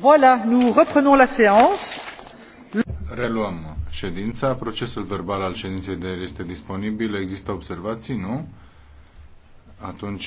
Voilà, la Reluăm ședința. Procesul verbal al ședinței de ieri este disponibil. Există observații, nu? Atunci